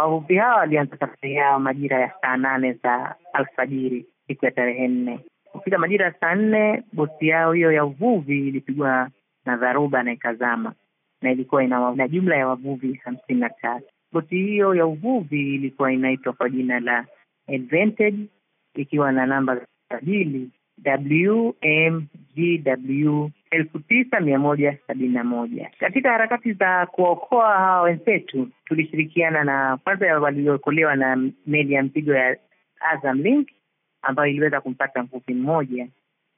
Wavuvi hawa walianza safari yao majira ya saa nane za alfajiri siku ya tarehe nne. Kufika majira ya saa nne, boti yao hiyo ya uvuvi ilipigwa na dharuba na ikazama, na ilikuwa ina jumla ya wavuvi hamsini na tatu. Boti hiyo ya uvuvi ilikuwa inaitwa kwa jina la Advantage ikiwa na namba za usajili WMGW elfu tisa mia moja sabini na moja. Katika harakati za kuwaokoa hawa wenzetu tulishirikiana na kwanza waliokolewa na meli ya mpigo ya Azam Link ambayo iliweza kumpata mvuvi mmoja,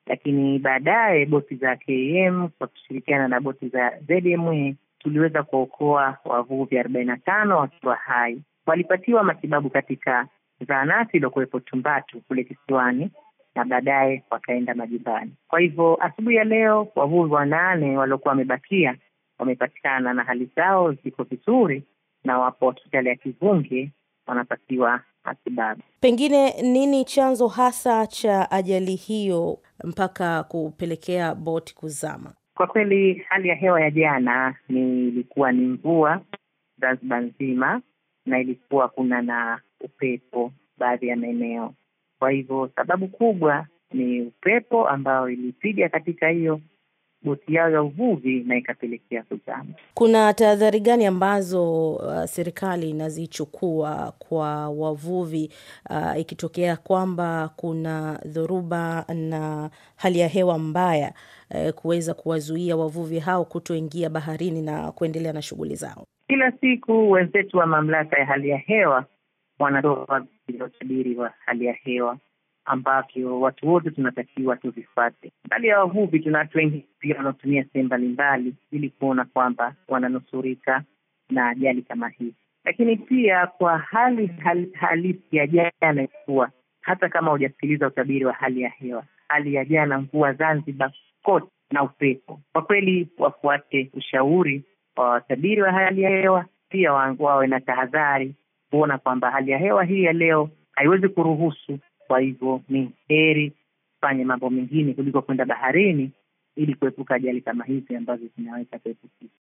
lakini baadaye boti za KM kwa kushirikiana na boti za ZMA tuliweza kuwaokoa wavuvi arobaini na tano wakiwa hai. Walipatiwa matibabu katika zahanati iliokuwepo Tumbatu kule kisiwani na baadaye wakaenda majumbani. Kwa hivyo asubuhi ya leo wavuvi wanane waliokuwa wamebakia wamepatikana na hali zao ziko vizuri na wapo hospitali ya Kivunge wanapatiwa matibabu. Pengine nini chanzo hasa cha ajali hiyo mpaka kupelekea boti kuzama? Kwa kweli hali ya hewa ya jana ni ilikuwa ni mvua Zanzibar nzima, na ilikuwa kuna na upepo baadhi ya maeneo. Kwa hivyo sababu kubwa ni upepo ambao ilipiga katika hiyo boti yao ya uvuvi na ikapelekea kuzama. Kuna tahadhari gani ambazo uh, serikali inazichukua kwa wavuvi uh, ikitokea kwamba kuna dhoruba na hali ya hewa mbaya uh, kuweza kuwazuia wavuvi hao kutoingia baharini na kuendelea na shughuli zao? Kila siku wenzetu wa mamlaka ya hali ya hewa wanatoa vinatabiri wa hali ya hewa ambavyo watu wote tunatakiwa tuvifate. Mbali ya wavuvi, tuna watu wengi pia wanaotumia sehemu mbalimbali ili kuona kwamba wananusurika na ajali kama hii lakini pia kwa hali halisi ya jana ilikuwa, hata kama hujasikiliza utabiri wa hali ya hewa, hali ya jana mvua Zanzibar kote na upepo, kwa kweli wafuate ushauri wa watabiri wa hali ya hewa, pia wawe na tahadhari kuona kwamba hali ya hewa hii ya leo haiwezi kuruhusu, kwa hivyo ni heri fanye mambo mengine kuliko kwenda baharini ili kuepuka ajali kama hizi ambazo zinaweza kuepukika.